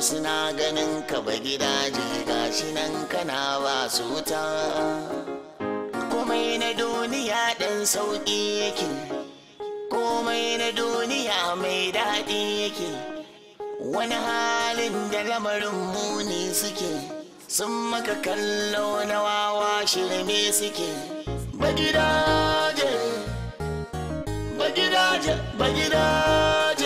suna ganin ka ba gidaje gashi nan kana ba su ta komai na duniya ɗan sauƙi yake komai na duniya mai daɗi yake wani halin da lamarin muni suke sun maka kallo na wawa shirme suke ba gidaje ba gidaje ba gidaje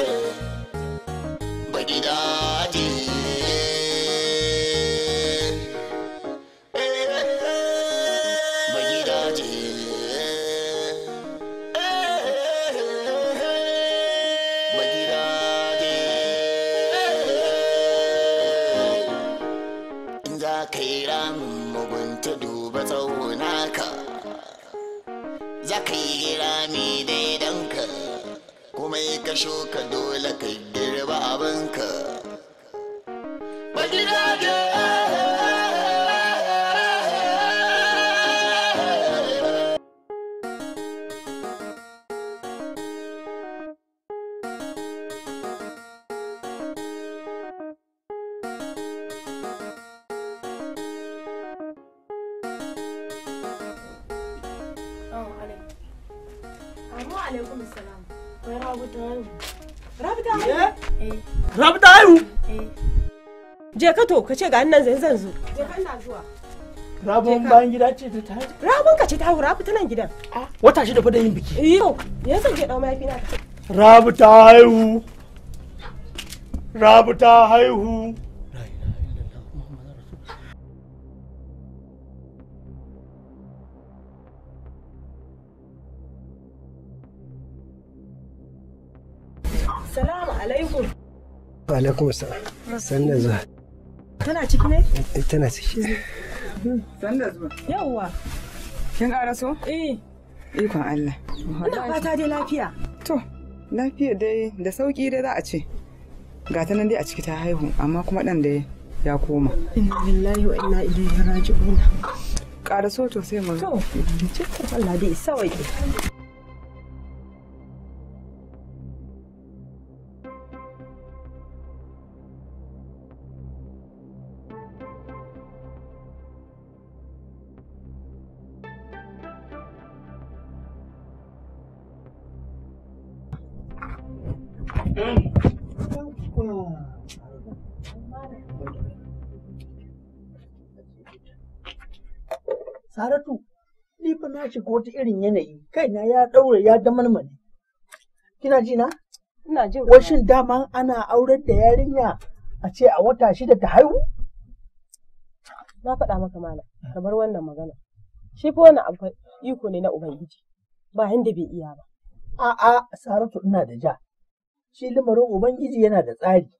ka shuka dole kai girba abinka to ka ce ga nan zan zan zo rabon bayan gida ce ta tashi rabon ka ce ta hura ta nan gidan wata shi da fada yin biki yau yanzu ke dau mafi na rabu ta haihu rabu ta haihu Salamu alaikum. Wa alaikum salam. Sannan zuwa. Tana ciki ne? Eh, tana ciki. Sandas ba. Yawwa. Kin ƙara so? Eh. Ikon Allah. Ina fata dai lafiya. To, lafiya dai da sauƙi dai za a ce. Ga ta nan dai a ciki ta haihu amma kuma ɗan dai ya koma. Inna lillahi wa inna ilaihi raji'un. Ƙara so to sai mu. To, cikin Allah dai sawai. na shiga wata irin yanayi na ya ɗaure ya marmari. kina ji na ina jin washin dama ana aurar da yarinya a ce a wata shida ta haihu na faɗa maka mana, ah. ka bar wannan magana shi fa wannan abu iko ne na ubangiji ba inda bai iya ba a'a saratu ina da ja shi lamarin ubangiji yana da tsari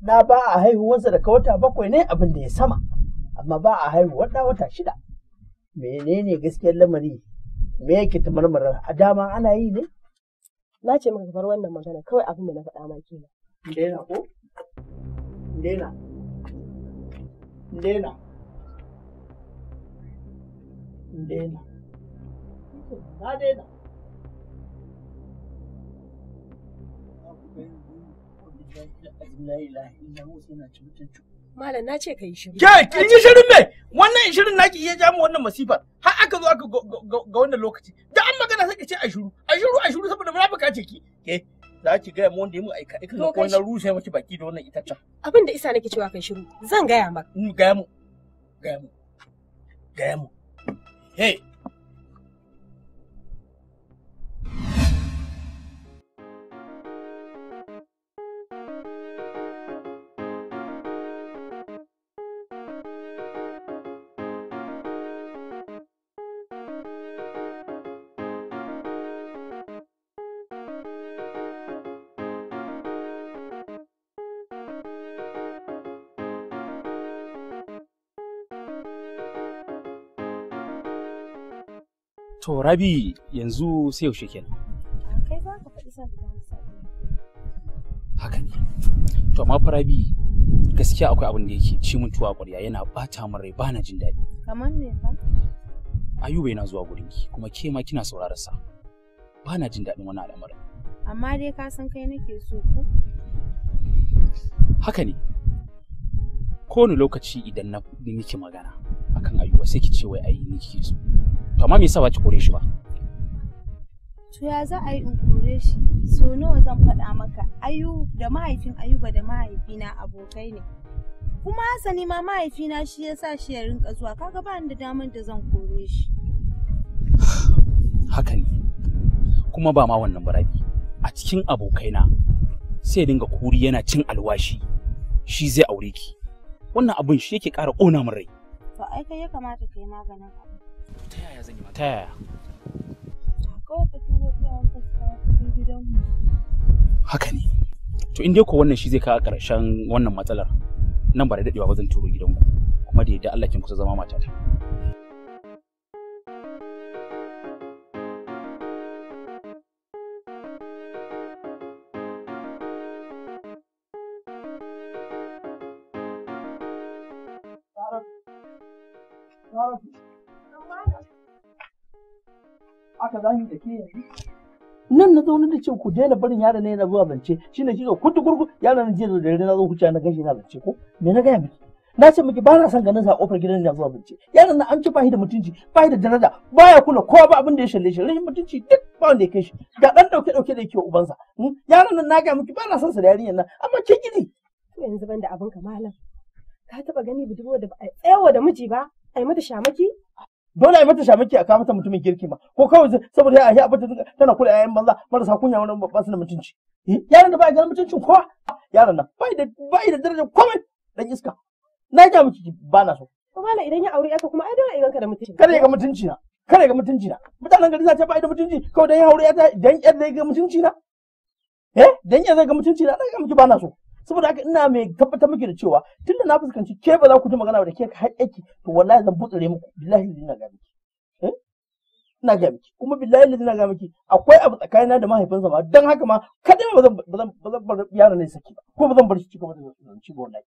na ba a haihuwansa daga wata bakwai ne abin da ya sama amma ba a haihuwar da wata shida menene gaskiyar lamari me yake ta marmara a dama ana yi ne na ce maka bar wannan magana kawai abin da na faɗa ma na dena ko dena dena dena na dena la ilaha illa hu sai na Malam na ce ka yi shiru. Ke kin yi shirin me? Wannan shirin naki iya ja mu wannan masifar. Har aka zo aka ga wannan lokaci. Da an magana sai ki ce a shiru. A shiru a shiru saboda munafika ce ki. Ke za ki ga mu wanda ya mu aika aika ko wannan rushe miki baki da wannan itacca. Abin da isa nake cewa kai shiru. Zan gaya maka. Mm, gaya mu. Gaya mu. Gaya mu. Hey. To Rabi yanzu sai yaushe kenan. Kai za ka faɗi san Haka ne. To amma fa Rabi gaskiya akwai abin da yake ci min tuwa ƙwarya yana bata min rai bana jin daɗi. Kamar me fa? Ayuba yana zuwa gurin ki kuma ke ma kina sauraron sa. Bana jin daɗin wannan al'amarin. Amma dai ka san kai nake so ko? Haka ne. Kowane lokaci idan na miki magana akan Ayuba sai ki ce wai ai ni so. to amma me yasa ba ki kore shi ba to ya za a yi in kore shi so nawa zan faɗa maka ayu da mahaifin ayuba da mahaifina abokai ne kuma hasani ma mahaifina shi ya sa shi ya rinka zuwa kaga ba ni da damar da zan kore shi haka ne kuma ba ma wannan barabi a cikin abokaina sai dinga kuri yana cin alwashi shi zai aure ki wannan abun shi yake ƙara ƙona min rai to ai kai ya kamata kai maganin abu ta yaya zan yi ta haka ne to in dai wannan shi zai kawo karshen wannan matsalar nan ba da daɗewa ba zan turo gidanku kuma da yadda Allah kin kusa zama matata nan na zaune da ce ku daina barin yaron ne na zuwa zance shi kika kudu gurgu yaron jiya da na zo huce na gashi na zance ko me na gaya miki na ce miki ba na son ganin sa a gidan na zuwa zance yaron na an ci bahi da mutunci bahi da daraja baya kula kowa ba abin da ya shalle shi rashin mutunci duk ba wanda ya kai shi ga dan ɗauke dauke da yake ubansa hmm? yaron nan na gaya miki ba na son sa da yarinyar nan amma ke gidi yanzu ban da abin ka ka taba gani budurwa da ba a tsayawa da miji ba a yi mata shamaki dole ai mata shamaki a kawo mata mutumin kirki ma ko kawai saboda ya a bata tana kula yayan banza marasa kunya wani babban su mutunci eh, yaron da ba ganin mutuncin kowa yaron nan bai da bai da darajar komai dan iska na ga miki ba na so to mala idan ya aure aka kuma ai dole idan ka da mutunci kare ga mutunci na kare ga mutunci na mutanen gari za ta bai da mutunci kawai dan ya aure ya dan yar da ya ga mutunci na eh dan yar da ga mutunci na dan ga miki ba na so saboda haka ina mai tabbatar miki da cewa tunda na fuskanci ke ba za ku ji magana da ke haƙƙi to wallahi zan butsure muku billahi ina ga miki eh? ina ga miki kuma billahi ina ga miki akwai abu tsakanina da mahaifinsa ma dan haka ma kadai ba zan ba zan ba zan bar yaron ne saki ba ko ba zan bar shi cikin wannan ci wallahi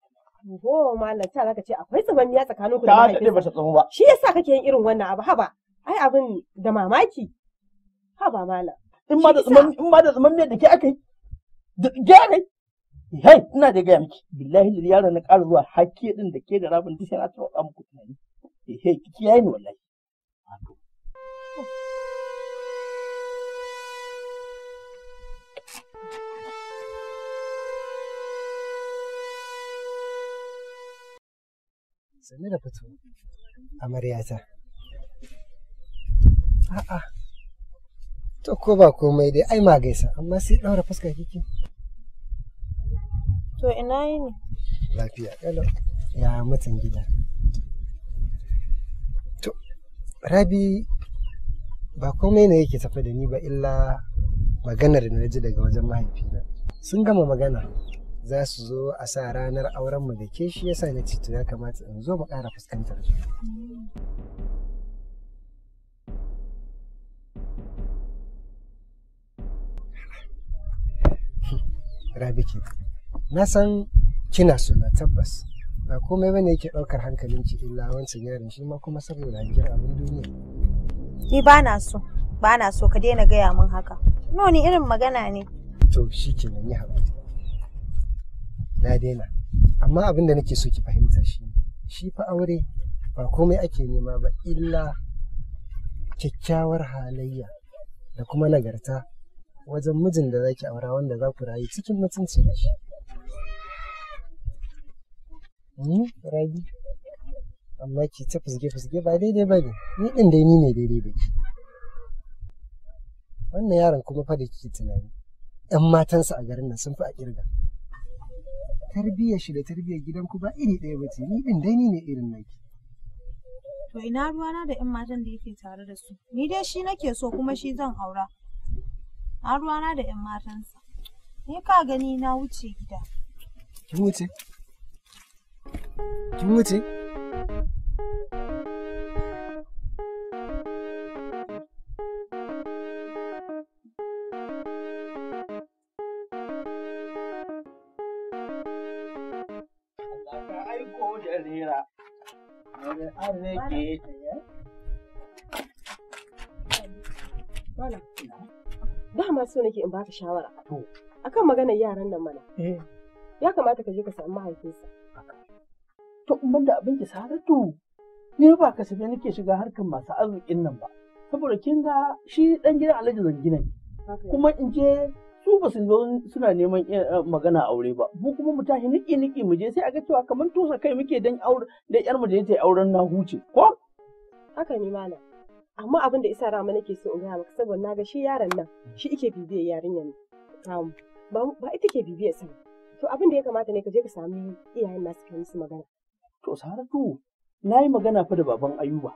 ko mallam ta zaka ce akwai tsakanin ku da mahaifinsa ta ba ta tsamu ba shi yasa kake yin irin wannan abu haba ai abin da mamaki haba mallam in ma da tsaman in ma da tsaman me da ke akai da ke Hai, ina da gaya miki, billahi da yaron na ƙara zuwa hakke ɗin da ke da rabin duk yana ta ba muku tunani. Ehe, kiki yayi ni wallahi. Sannu da fito, amaryata. A'a, to ko ba komai dai, ai ma gaisa, amma sai ɗaura fuska kiki. To ina yi ne? Lafiya ƙalau. Ya mutum gida. To, Rabi ba komai ne yake tafa da ni ba illa maganar da na ji daga wajen mahaifina. Sun gama magana za su zo a sa ranar auren mu da ke shi yasa na ce ya kamata in zo mu ƙara fuskantar su. Rabi ke. na san kina na tabbas ba komai bane yake ɗaukar ki illa wancan yaron shi ma kuma saboda hankin abin duniya ni ba na so ba na so ka daina gaya min haka no ni irin magana ne to shi kenan yi haƙuri na daina amma abin da nake so ki fahimta shi shi fa aure ba komai ake nema ba illa kyakkyawar halayya da kuma nagarta wajen mijin da zaki aura wanda za ku rayu cikin mutunci da shi rabi amma ki ta fusge-fusge ba daidai ba ne ni din dai ni ne daidai da ke wannan yaron kuma fa da ke tunani ɗan matansa a garin nan sun fi a ƙirga tarbiyyar shi da tarbiyyar gidan ku ba iri ɗaya ba ce ni din dai ni ne irin naki to ina ruwana da ɗan matan da yake tare da su ni dai shi nake so kuma shi zan aura na ruwana da ɗan matansa ni ka gani na wuce gida kin wuce kin Dama so nake in baka shawara. Akan maganar yaran nan mana. Eh. Ya kamata ka je ka samu mahaifinsa. to in banda abin ki saratu ni ba kasafe nake shiga harkar masu arzikin nan ba saboda kin ga shi dan gidan Alhaji zangina ne kuma in je su ba su zo suna neman eh, eh, magana aure ba mu kuma mu tashi niki niki mu je sai a ga cewa kamar tosa kai muke dan aure da yar mu je ta auren na huce ko haka ne malam amma abin da isa rama nake so in ga maka saboda naga shi yaron nan shi ike bibiyar yarinyar nan ba ita ke bibiyar sa to abin da ya kamata ne ka je ka sami iyayen nasu kai musu magana to saratu na yi magana fa da baban ayuba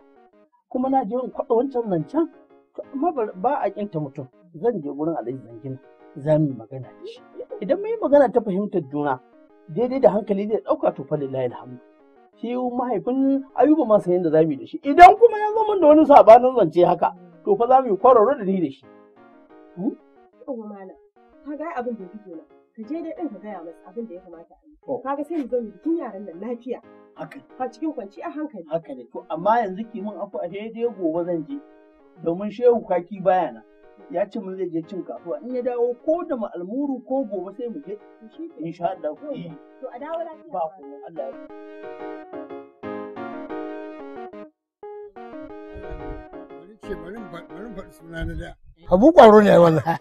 kuma na je kwaɗa wancan can, to amma ba a ƙinta mutum zan je gurin alhaji zangina za mu yi magana da shi idan mai yi magana ta fahimtar juna daidai da hankali zai ɗauka to fa lillahi alhamdu shi mahaifin ayuba ma san yadda za mu yi da shi idan kuma ya zama da wani sabanin zance haka to fa za mu yi kwararo da ni da shi. Hmm? Yau ka ga abin da kike nan. ka je dai ɗin ka gaya masa abin da ya kamata a yi. Oh. ga sai mu zo mu bikin yaran nan lafiya. Haka. Ka cikin kwanci a hankali. Haka ne. To amma yanzu ki mun afu a daidai gobe zan je. Domin shehu kaki baya na. Ya ce mun zai je cin kasuwa in ya dawo ko da almuru ko gobe sai mu je. sha Allah. Eh. To a dawo lafiya. Ba ku Allah ya Habu kwaro ne wannan.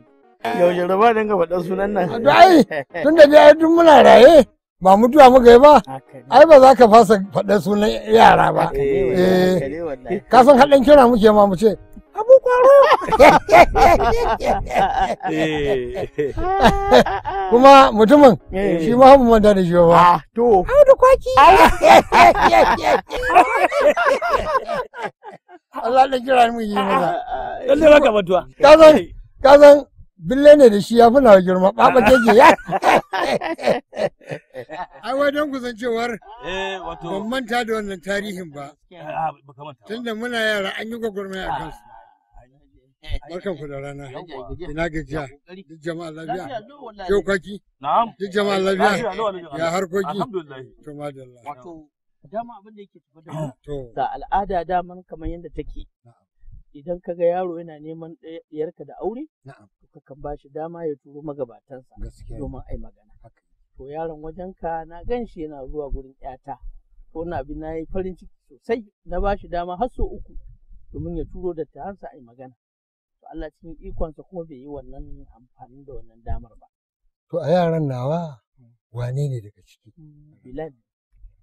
Yau raba don ga sunan nan. Ai, tun da dai duk muna raye ba mutuwa muka yi ba, ai ba za ka fasa faɗa sunan yara ba. Eh, ka san haɗin kira muke ma mu ce, Abu kwaro! Eh. Kuma mutumin eh. shi ma haɓu manta da shi ba. Ah, to. Hau da kwaki! Ah. Allah da kira mu yi ah, mana. Lalle ba ka mutuwa. Ka san bille ne da shi ya fi nawa girma ɓaɓa take ya ai don kusancewar eh, ban manta da wannan tarihin ba ah, tunda muna yara an yi gwagwarma a kansu barkan ku da rana ina gajiya duk jama'a lafiya yau kwaki duk jama'a lafiya ya harkoki to madalla wato dama abin da yake tafi da da al'ada daman kamar yadda take idan kaga yaro yana neman ɗayarka da aure kakan ba shi dama ya turo magabatansa domin ai magana to yaron wajenka na gan shi yana zuwa gurin yata to na bi na yi farin ciki sosai na ba shi dama har sau uku domin ya turo da a ai magana to Allah cikin ikonsa kuma bai yi wannan amfani da wannan damar ba to a yaran nawa wane ne daga ciki mm, bilal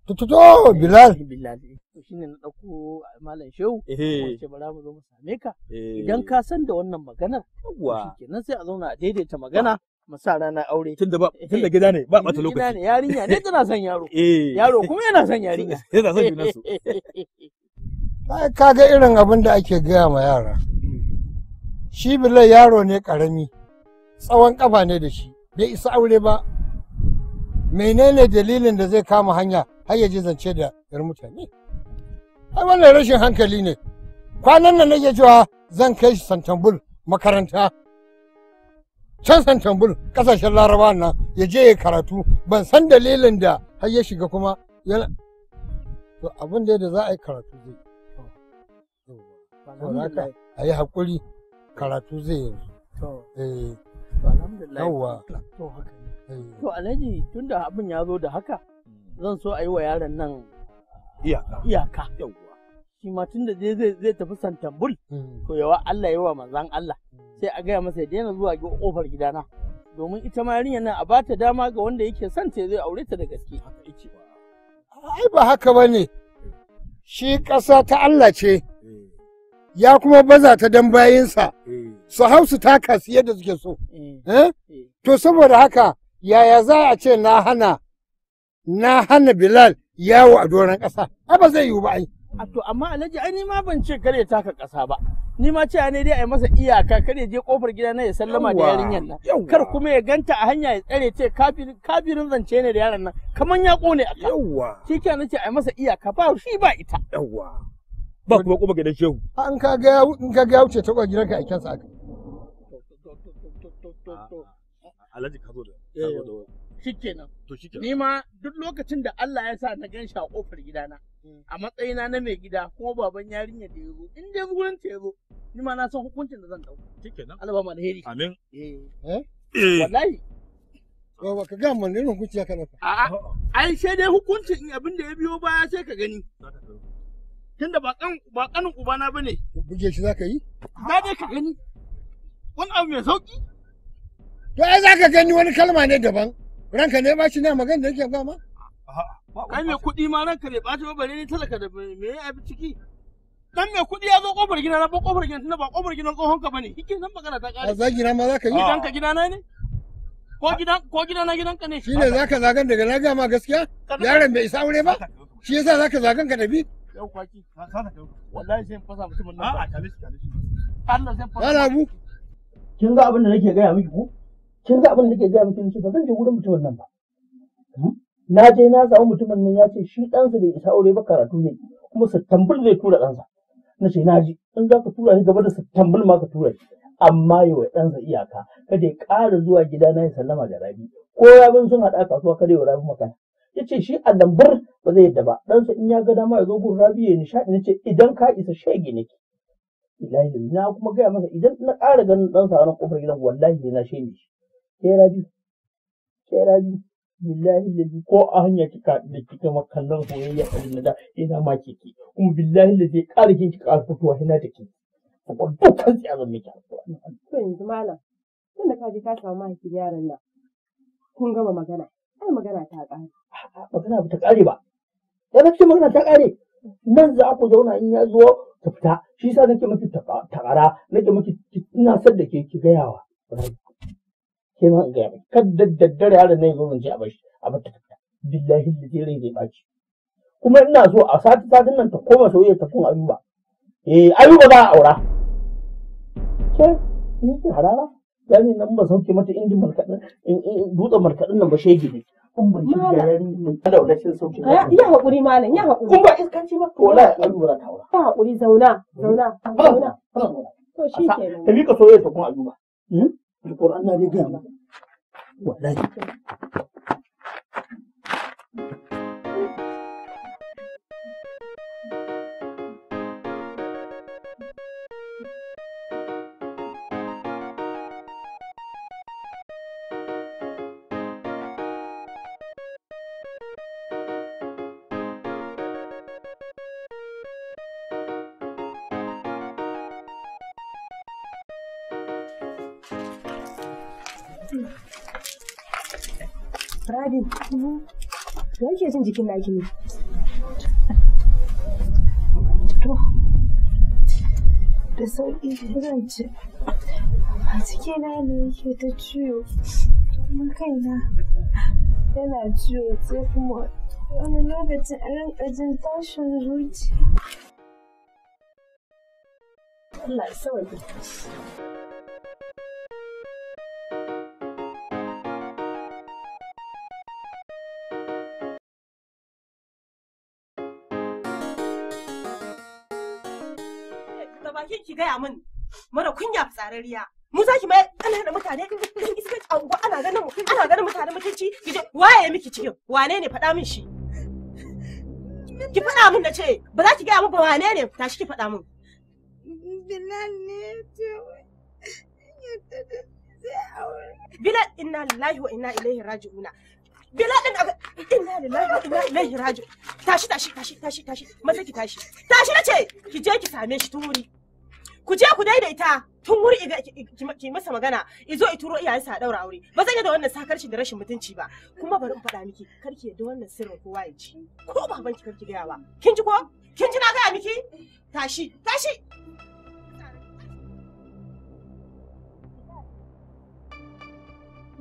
tututu Bilal. Bilal. To shi ne na dauko Malam Shehu. Eh. bara mu zo mu same ka. Eh. Idan ka san da wannan maganar. yawa Kenan sai a zauna a daidaita magana. Mu sa rana aure. Tun da ba tunda eh. gida ne ba mata lokaci. Gida ne yarinya ne tana son yaro. Eh. Yaro kuma yana son yarinya. Yana son junan su. Ka ga irin abin da ake gaya ma yara. Shi Bilal yaro ne ƙarami. Tsawon ƙafa ne da shi. Bai isa aure ba. Menene dalilin da zai kama hanya har ya je zance da yar mutane ai wannan rashin hankali ne kwanan nan nake cewa zan kai shi santambul makaranta can santambul kasashen laraba nan ya je ya karatu ban san dalilin da har ya shiga kuma yana to abin da za a yi karatu zai yi a yi haƙuri karatu zai yi eh. yawwa eh. to alhaji da abin ya zo da haka zan so a yi wa yaron nan iyaka iyaka shi ma tun da zai tafi santambul mm. to yawa Allah yawa manzan Allah sai a gaya masa ya daina zuwa ga kofar gidana domin ita ma yarinya nan a ta dama ga wanda yake son ta zai aure ta da gaske ai ba haka ba ne. shi ƙasa ta Allah ce eh. ya kuma baza ta dan bayinsa eh. su hau su taka su yadda suke so eh. to saboda haka yaya za a ce na hana na hana Bilal yawo a doron ƙasa. A'a ba zai yiwu ba ai. A to amma Alhaji ai ni ban ce kare taka ƙasa ba. Ni ma ce ne dai a yi masa iyaka kare je kofar gida na ya sallama da yarinyar nan. Kar kuma ya ganta a hanya ya tsare ce kafirin zance ne da yaran nan. Kaman ya kone a kan. Yawwa. Shi ke ce a yi masa iyaka ba shi ba ita. Yawwa. Ba kuma kuma gidan shehu. An ka ga in ka ga wuce ta kwa gidanka a kyansa aka. Alhaji ka zo da. Eh. kenan. to shikenan ni ma duk lokacin da Allah ya sa na gan shi a kofar gidana mm. a matsayina na mai gida ko baban yarinya da yazo in dai gurin ta yazo ni ma na san hukuncin da zan dauka shikenan Allah ba mu alheri amin eh eh, eh. wallahi ba ka ga mun ne hukunci ka dauka a'a ai sai dai hukuncin abin da ya biyo baya sai ka gani tunda ba kan ba kanin ubana bane buge shi zaka yi ba dai ka gani wani abu mai sauki to ai zaka gani wani kalma ne daban ranka ne ba shi na magana da yake ma kai mai kuɗi ma ranka ne ɓata bare ne talaka da me ya fi ciki dan mai kuɗi ya zo kofar gina na ba kofar gida tunda ba kofar gidan tsohon ka bane kike nan magana ta ƙare za gina ma zaka yi gidan ka ah. gida na ne ko gidan ko gidan na gidan ka ne shine zaka zagan daga na ga ma gaskiya yaron bai isa aure ba shi yasa zaka zagan ka dabi yau kwaki ka wallahi sai fasa mutumin nan a talishi talishi Allah zai fasa kin ga abin da nake gaya miki ko kin ga abin da nake gaya miki ce ba zan je wurin mutumin nan ba na je na samu mutumin nan ya ce shi ɗansa bai isa aure ba karatu ne kuma Sattambul zai tura ɗansa na ce na ji in za ka tura ni gaba da Sattambul ma ka tura shi amma yi wa ɗansa iyaka kada ya ƙara zuwa gida na ya sallama da rabi ko rabin sun haɗa kasuwa kada ya rabi makana ya ce shi a lambar ba zai yadda ba ɗansa in ya ga dama ya zo gun rabi ya nishaɗi na ce idan ka isa shege ne ilahi na kuma gaya masa idan na ƙara ganin ɗansa a ranar ƙofar gidan wallahi na shege shi sai rabi sai rabi billahi lazi ko a hanya kika da kika makallan soyayya a rinna da ina ma ke ke kuma billahi lazi ƙara kin kika ƙara fitowa ina da ke kuma dukkan sai azan miki to yanzu malam tunda ka je ka samu mahaifin yaran nan kun gama magana ai magana ta ƙare magana ba ta ƙare ba ya na ce magana ta ƙare nan za ku zauna in ya zo ta fita shi yasa nake miki takara nake miki ina son da ke ki gayawa sai ma in gaya mai kadda daddare yaron nan ya zo zance a bashi a bar ta billahi da rai zai ɓaci kuma ina so a sati satin nan ta koma soyayya ta kun ayuba eh ayuba za a aura ke ni ke harara yani nan ba sauke mata injin markaɗin dutsen markaɗin nan ba shege ne kun ban shi da yarin da wadacin sauke ya haƙuri malam ya haƙuri kun ba iskanci ba to wallahi allura ta aura ya haƙuri zauna zauna zauna to shi kenan ta mika soyayya ta kun ayuba hmm? القرآن هذه قامة ولا Rabi, ya ke jin jikin naki ne? To, da sauƙi zan ce, a cikina ne yake ta ciwo, kuma kaina yana ciwo sai kuma wani lokacin a rinka jin tashin zuciya. Allah ya kunya tsararriya mu za ki ana da mutane kan iskan anguwa ana ganin mu ana ganin mutane mutunci ki je waye miki cikin wane ne faɗa min shi ki faɗa min na ce ba za ki gaya min ba wane ne tashi ki faɗa min Bilal ne ya ce aure Bilal inna lillahi wa inna ilaihi raji'una Bilal din aka inna lillahi wa inna ilaihi raji'un tashi tashi tashi tashi tashi maza ki tashi tashi na ce ki je ki same shi tun wuri ku je ku daidaita tun wuri ki masa magana izo i turo iyayensa sa daura aure ba zan yadda wannan sakarci da rashin mutunci ba kuma bari in faɗa miki karki yadda wannan sirrin kowa ya ci ko baban ki karki gaya ba. kin ji ko kin ji na gaya miki tashi tashi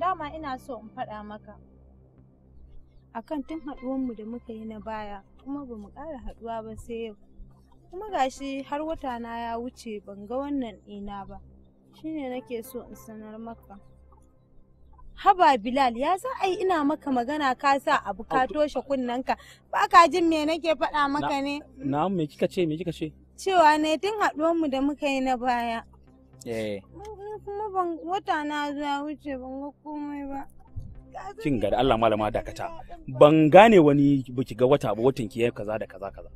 dama ina so in faɗa maka akan tun haɗuwanmu da muka yi na baya kuma ba mu ƙara haɗuwa ba sai yau kuma gashi har wata na ya wuce ban ga wannan ina ba shine nake so in sanar maka haba bilal ya za a yi ina maka magana ka sa abu ka toshe kunnanka ba ka jin me nake faɗa maka ne na me kika ce me kika ce cewa ne tun haɗuwar mu da muka yi na baya eh. kuma ban wata na zuwa wuce ban ga komai ba kin gari Allah malama dakata ban gane wani biki ga wata ba watan ki kaza da kaza kaza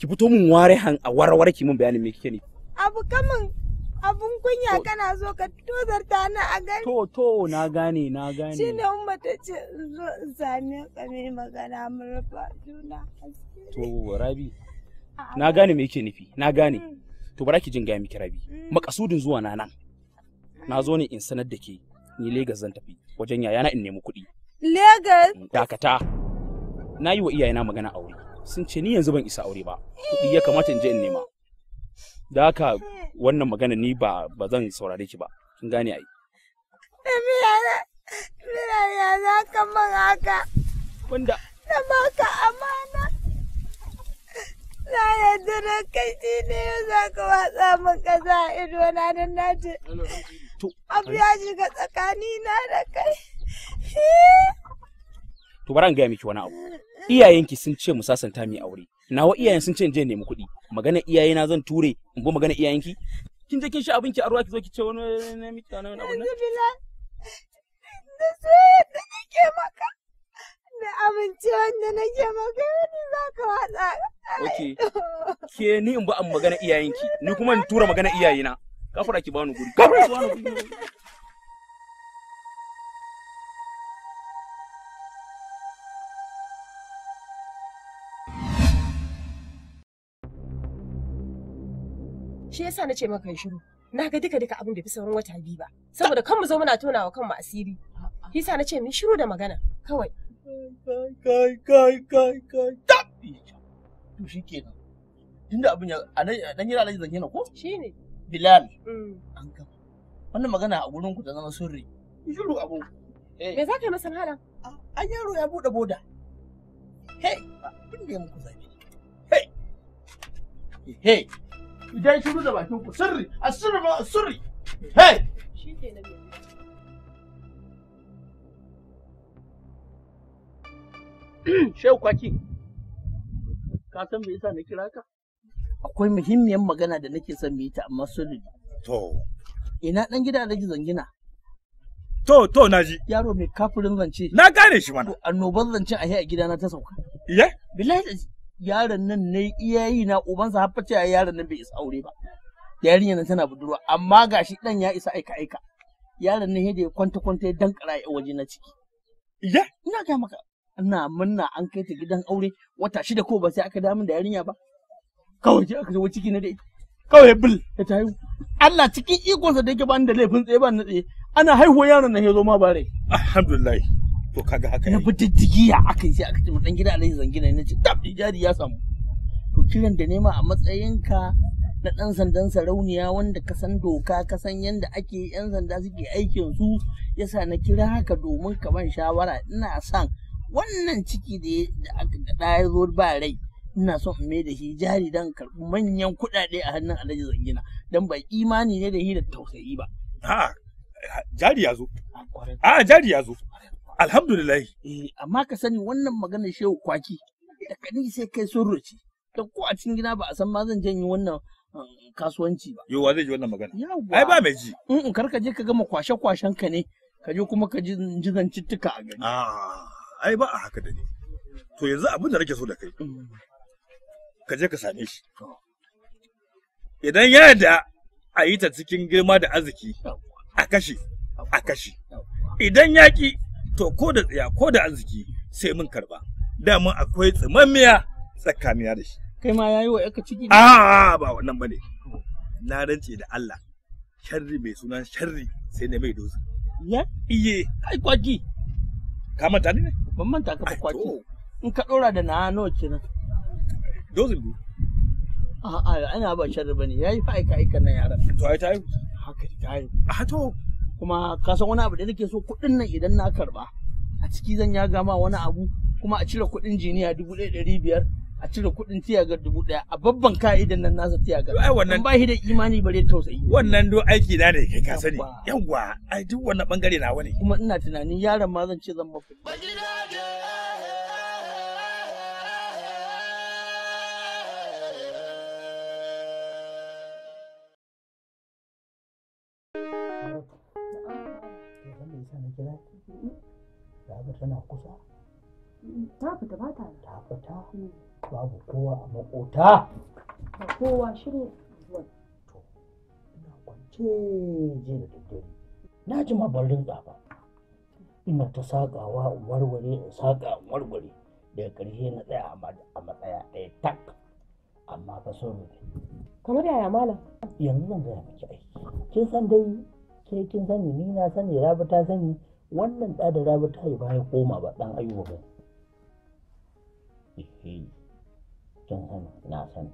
ki fito min ware han a warware ki min bayanin me kike ne abu kamun abun kunya kana so ka tozarta na a gani to to na gane na gane shi ne umma ta ce zo zane ka ne magana mu rufa juna to rabi na gane me yake nufi na gane mm. to bara ki jin miki rabi mm. makasudin zuwa na nan na zo ne in sanar da ke ni Legas zan tafi wajen yayana in nemi kuɗi Legas dakata na yi wa iyayena magana aure sun ce ni yanzu ban isa aure ba kuɗi ya kamata in je in nema da haka wannan magana ni ba ba zan saurare ki ba kin gane ai Mira ya za ka man haka. Wanda? Na baka amana. Na yadda na kai shi ne ya za ka watsa min kaza a ido na nan na ce. Abu ya shiga tsakani na da kai. to bari an gaya miki wani abu iyayenki sun ce mu sasanta mu aure nawa iyayen sun ce in je nemi kuɗi magana iyaye na zan ture in bo magana iyayenki kin je kin sha abin a ruwa ki zo ki ce wani ne na wani abu na. da su da nake maka da abinci wanda nake maka yadda za ka watsa ok ke ni in ba an magana iyayenki ni kuma in tura magana iyayena kafura ki bani guri kafura ki bani guri shi yasa na ce maka kai shiru na ga duka duka abin da fi sauran wata biyu ba saboda kan mu zo muna tona wa kanmu asiri yasa na ce mu shiru da magana kawai kai kai kai kai ta to shi shikenan tunda abin ya dan yi alaji zan kenan ko shine bilal mm. an ga wannan magana a gurin ku da zama sirri shiru abun eh. me za ka yi masa hala an yaro ya bude boda hey abin da ya muku zafi hey hey idan shiru da bakin ku sirri a sirri ma sirri hey Shehu Kwaki, ka san me yasa na kira ka? Akwai muhimmiyar magana da nake son mu yi ta amma sirri. To. Ina ɗan gida Alhaji Zangina. To, to, naji. Yaro mai kafirin zance. Na gane shi mana. Annoban a a gidana ta sauka. Iya? Bilahi yaron nan ne iyayi na ubansa har fata a yaron nan bai isa aure ba yarinya nan tana budurwa amma gashi dan ya isa aika aika yaron nan yadda ya kwanta kwanta ya dankara ya waje na ciki ya ina ga maka ina munna an kai ta gidan aure wata shida ko ba sai aka damu da yarinya ba kawai sai aka zo ciki na dai kawai bil ya ta haihu Allah cikin ikonsa da yake ba ni da laifin tsaye ba ni tsaye ana haihuwa yaron nan ya zo ma bare alhamdulillah to kaga haka na bi diddigi ya aka yi sai aka ce dan gida Alhaji zangina ne ce dab jari ya samu to kiran da nema a matsayinka na ɗan sandan sarauniya wanda ka san doka ka san yanda ake yan sanda suke aikin su yasa na kira haka domin ka ban shawara ina son wannan ciki da aka gada ya zo ba rai ina son in mai da shi jari don karɓi manyan kuɗaɗe a hannun alhaji zangina don ba imani ne da shi da tausayi ba. jari ya zo. A jari ya zo. alhamdulillah eh amma ka sani wannan magana shehu kwaki da kani sai kai sun roci da ko a cikin gida ba a san ma zan janyi wannan um, kasuwanci ba yowa zai ji wannan magana ai ba mai ji in mm, mm, kar ka je ka gama kwashe kwashen ka ne ka je kuma ka ji jigan cittuka a gani ah, ai ba a haka da ni to yanzu abin da nake so da kai mm. ka je ka same shi idan ya da a yi ta cikin girma da arziki a kashe a kashe idan yaƙi to ko da tsaya ko da arziki sai mun karba mun akwai tsimammiya tsakaniya da shi kai ma yayi wa yaka ciki a a ba wannan bane na rance da Allah sharri mai sunan sharri sai na mai dozu ya iye ai kwaki ka manta ne ban manta ka kwaki in ka dora da na nawa kenan bu biyu a'a ana ba sharri bane yayi fa aika aika na yaran to ai ta yi haka tayi a to kuma ka san wani abu da nake so kuɗin nan idan na karba a ciki zan ya gama wani abu kuma a cire kuɗin jiniya dubu ɗaya ɗari biyar a cire kuɗin tiyagar dubu ɗaya a babban ka'idan nan nasa tiyagar In wannan ba shi da imani bare tausayi wannan do aiki na ne kai ka sani yawwa ai duk wannan bangare nawa ne kuma ina tunanin yaron ma zan ce zan mafi Fatima tana kusa? Mm, ta fita ba ta Ta fita? Mm. Babu kowa a makota. Ba kowa shiru zuwa. To, ina kwance je da daddare. Na ji ma ban ba. Ina ta sagawa in warware in saka in warware. Daga ƙarshe na tsaya a matsaya ɗaya tak. Amma fa so ne. Kamar yaya malam? Yanzu zan gaya miki aiki. Kin san dai ke kin sani ni na sani rabu ta sani wannan ɗa da rabi ta yi baya koma ba ɗan ayuba ba can sani na sani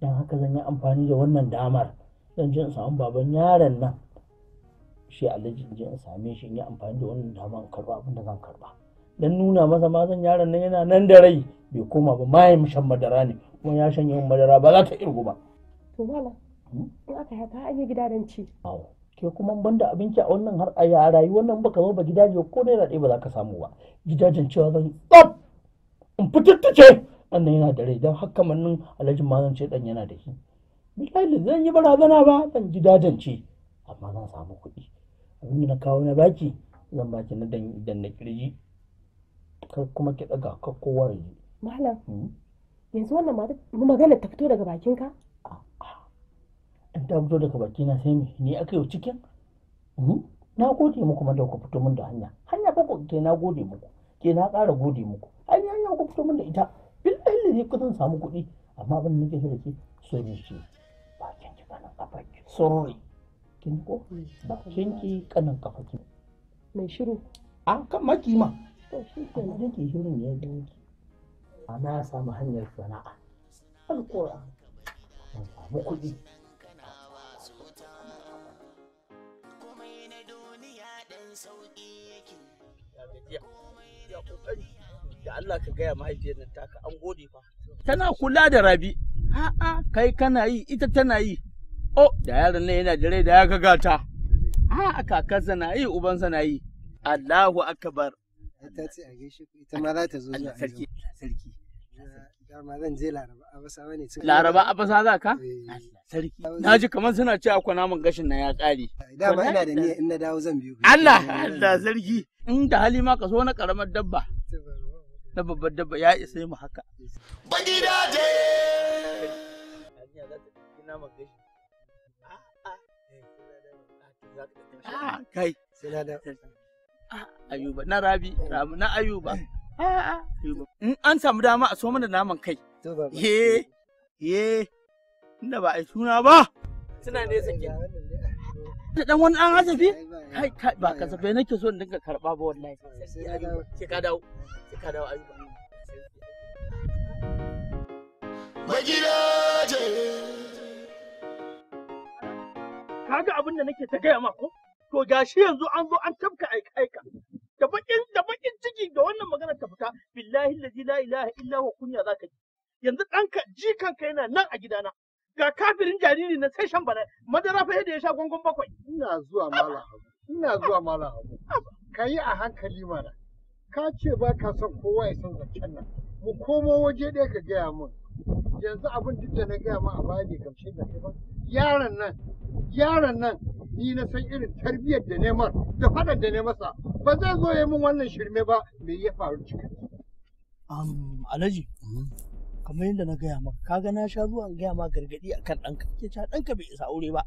don haka zan yi amfani da wannan damar zan je in samu baban yaron nan shi alhaji in je in same shi in yi amfani da wannan damar in karba abin da zan karba dan nuna masa ma zan yaron nan yana nan da rai bai koma ba ma yi shan madara ne kuma ya shanye madara ba za ta irgu ba to hmm? in aka haka an yi gida don ci ke kuma banda abinci a wannan har a yi wannan baka zo ba gidaje ko naira ɗaya ba za ka samu ba gidajen cewa zan tsaf in fitittice annan yana da rai don haka mannin alhaji ma zan ce dan yana da shi misali zan yi barazana ba zan gidajen ce amma zan samu kuɗi abin da na kawo na baki zan baki na dan idan na kirji kar kuma ki ɗaga ka kowa malam hmm? yanzu wannan magana ta fito daga bakinka ta fito daga na sai me ni aka yi cikin mhm. na gode muku ma da ku fito min da hanya hanya ba ku ke na gode muku ke na ƙara gode muku hanya hanya ku fito min da ita billahi ne ku zan samu kuɗi amma abin nake so da ke so ne shi ba kin ki kanan kafa ki sorry kin ko ba kin ki kanan kafa ki mai shiru an kan maki ma to shi ke ne ke shirin ya dinki ana samu hanyar sana'a alƙur'an da Allah ka gaya mahaifiyar nan tana kula da rabi a'a kai kana yi ita tana yi oh da yaron nan yana da rai da ya kaga ta a'a kakarsa na yi ubansa na yi Allahu akbar ta ce a gaishe ita ma ta zo zuwa sarki sarki Laraba Abasa basa za ka? Eh. Sarki. Na ji kamar suna ce kwana mun gashin na ya ƙari. Dama ina da ni ina dawo zan biyu. Allah Allah sarki. In da hali ma ka so na karamar dabba. Na babbar dabba ya isa mu haka. Bagida je. Ah, kai. Ah, Ayuba na Rabi, na Ayuba. In an samu dama a so mana naman kai. Ye, ye, inda ba a yi suna ba. Suna ne sake. Da ɗan wani ɗan hasafi? Kai, kai, ba kasafai nake so in dinga karɓa ba wallahi. Sai ka dawo, sai ka dawo ayuba. Magidaje. Kaga abin da nake ta gaya ma ko? To gashi yanzu an zo an tabka aika-aika. da bakin ciki da wannan magana ta fita billahi la ilaha illa huwa kunya zaka ji yanzu ɗanka jikanka yana nan a gidana ga kafirin jariri na sai shan bana madara fa yadda ya sha gongon bakwai ina zuwa malam ina zuwa mala a hankali mana ka ce ba ka son kowa ya san zancen nan mu komo waje ɗaya ka gaya mun yanzu abin duk da na gaya ma a baya bai gamshe da kai ba yaron nan yaron nan ni na san irin tarbiyyar da neman da faɗar da ne masa ba zai zo ya min wannan shirme ba me ya faru cikin alhaji mm-hmm. kamar yadda na gaya maka kaga na sha zuwa gaya ma gargaɗi akan ɗanka ke cewa ɗanka bai isa aure ba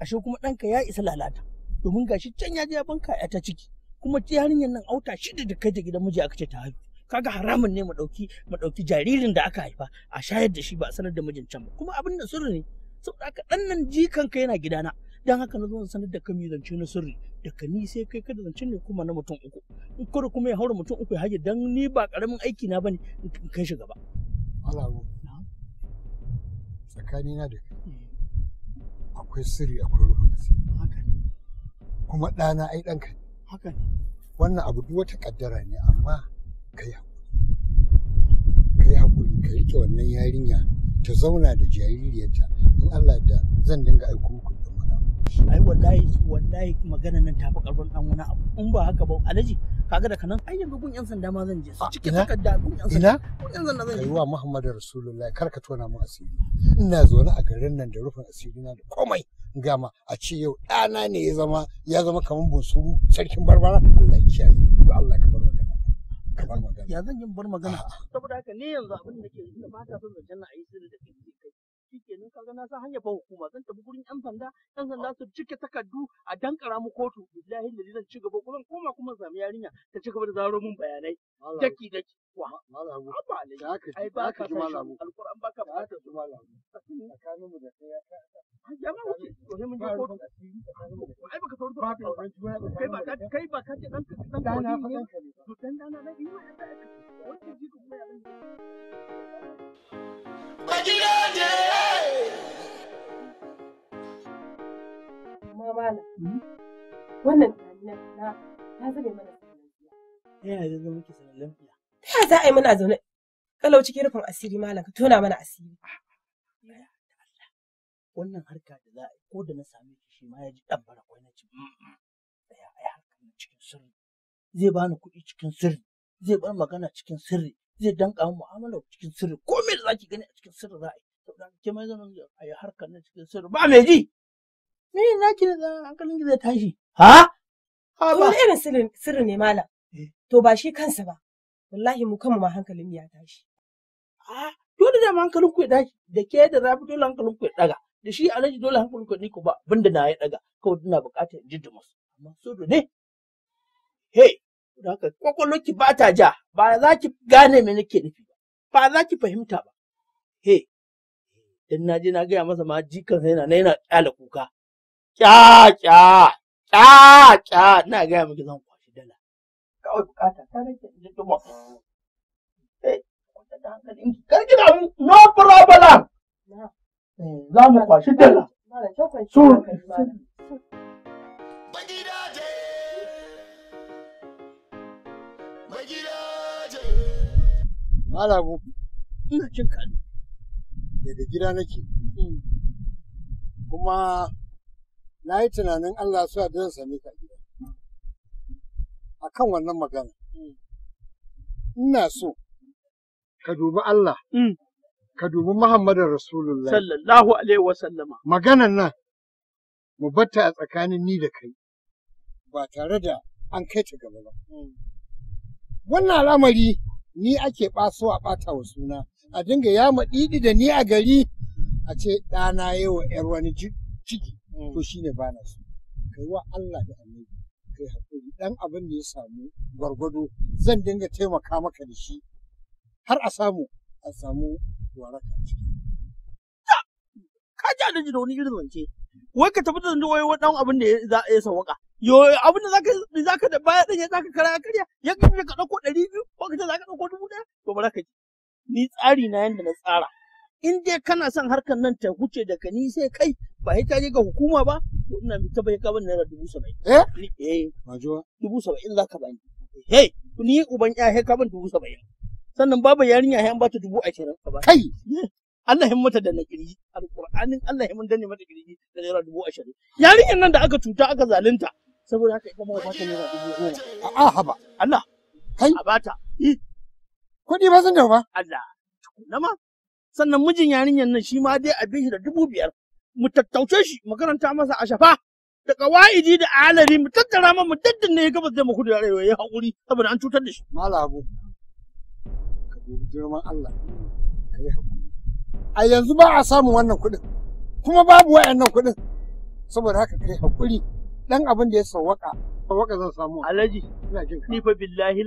ashe kuma ɗanka ya isa lalata domin ga shi can ya je banka ya ta ciki kuma yarinyar nan auta shida da kai da gidan miji aka ce ta haihu kaga haramun ne mu dauki mu dauki jaririn da aka haifa a shayar da shi ba sanar da mijin can ba kuma abin da sirri ne saboda haka dan nan jikan ka yana gidana dan haka na zo na sanar da kami zance na sirri daga ni sai kai kada zance ne kuma na mutum uku in kada kuma ya haura mutum uku ya haje dan ni ba karamin aiki na bane in kai shi gaba alaro tsakani na da eh. akwai sirri akwai na sirri haka ne kuma ɗana ai ɗanka ne haka ne wannan abu duk wata kaddara ne amma kai hakuri kai hakuri ka rike wannan yarinya ta zauna da jaririyarta in Allah da zan dinga aiko muku ai wallahi wallahi magana nan tafi karfin dan wani abu in ba haka ba alaji kaga daga nan ai yanzu gun yan sanda ma zan je su cike takarda gun yan sanda gun yan sanda zan je wa Muhammadu Rasulullahi kar ka tona mu asiri ina zaune a garin nan da rufin asiri na da komai gama a ce yau ɗana ne ya zama ya zama kamar bunsuru sarkin barbara Allah ya kiyaye Allah ka bar magana ka bar magana ya zan yin bar magana saboda haka ni yanzu abin da ke ba ta son zancen na ayi sirri da kai ka ga na san hanyar ba hukuma zan tafi gurin yan sanda yan sanda su cike takardu a dankara mu kotu billahi da zan ci gaba zan koma kuma sami yarinya ta ci gaba da zaro mun bayanai daki daki wa malamu ai ba ka ji malamu alquran ba ka ba ta malamu tsakanin mu da kai ya ka ya ma wuce to sai mun je kotu ai baka sauraro ba kai ba kai ba ka ce dan dan dana fa dan ka ne to dan dana na yi wani da ka wanda ji ku ya Thank you. amma malam hmm? wannan tunanin na ya zube mana ta yaya zai zama ki zaman lafiya ta yaya za a yi mana zaune kalau cikin rufin asiri malam ka tona mana asiri ah, wannan harka da za a yi ko da na same ki shi ma ya ji dan bara kwai na ci daya mm, mm, ai harkar na cikin sirri zai bani kuɗi cikin sirri zai bar magana cikin sirri zai danka mu mu'amala cikin sirri komai da zaki gani a cikin sirri za a yi saboda ke mai zaman a yi harkar na cikin sirri ba mai ji me eh, za ki hankalin zai tashi ha ha ba wani irin sirrin sirri ne malam eh. to ba shi kansa ba wallahi mu kanmu ma hankalin ya tashi a dole da hankalin ku ya tashi da ke da rafi dole hankalin ku ya daga da shi alaji dole hankalin ku ni ko ba abinda na ya daga kawai ina buƙatar jiddima su amma so do ne hey da haka kwakwalwar ki ba ta ja ba za ki gane me nake nufi ba ba za ki fahimta ba he dan na je na gaya masa ma jikan sai na yana kyala kuka kya kya kya kya ina gaya miki zan kwashi dala kawai bukata ta nake in ji duma eh, kar ki damu no problem eh, za mu kwashi dala su Malago, ina cin kaɗi. Daga gida nake. Hmm. Kuma na yi tunanin Allah su a zan same ka gida a kan wannan magana ina so ka dubi Allah mm. ka dubi Muhammadun Rasulullah sallallahu alaihi wa sallama maganan nan mu batta a tsakanin ni da kai ba tare da an kai ta gaba ba mm. wannan al'amari ni ake ɓaso a ɓata wa suna a dinga ya maɗiɗi da ni a gari a ce ɗana yawa ‘yar wani ciki to shine ba na su kai wa Allah da annabi kai haƙuri dan abin da ya samu gwargwado zan dinga taimaka maka da shi har a samu a samu waraka ciki ka ji alaji da wani irin zance wai ka tafi da wai wadan abin da ya sawaka yo abin da zaka zaka da baya dan ya zaka kara karya ya ka dauko 200 ko ka zaka dauko 1000 to baraka ji ni tsari na yanda na tsara in dai kana son harkar nan ta huce daga ni sai kai ba sai ta je ga hukuma ba to ina mai tabbai ka bani naira dubu saba'in eh eh majuwa dubu saba'in za ka bani hey ni uban ya sai ka dubu saba'in sannan babu yarinya ya ba bata dubu ashirin ka kai Allah ya mata da na kirji alqur'anin Allah ya mun danne mata kirji da naira dubu ashirin yarinyar nan da aka cuta aka zalunta saboda haka ita ma ba ta naira dubu goma a'a haba Allah kai a bata eh. kuɗi ba sun da ba Allah na ma sannan mijin yarinyar nan shi ma dai bin shi da dubu biyar mu tattauce shi mu karanta masa a shafa da kawaidi da alari mu tattara mu daddan ne gabas da mu kudu da arewa ya haƙuri saboda an cutar da shi. Mala abu ka dubi girman Allah ka yi haƙuri. A yanzu ba a samun wannan kuɗin kuma babu wayannan kuɗin saboda haka kai haƙuri dan abin da ya sawwaka sawwaka zan samu. Alhaji ni fa billahi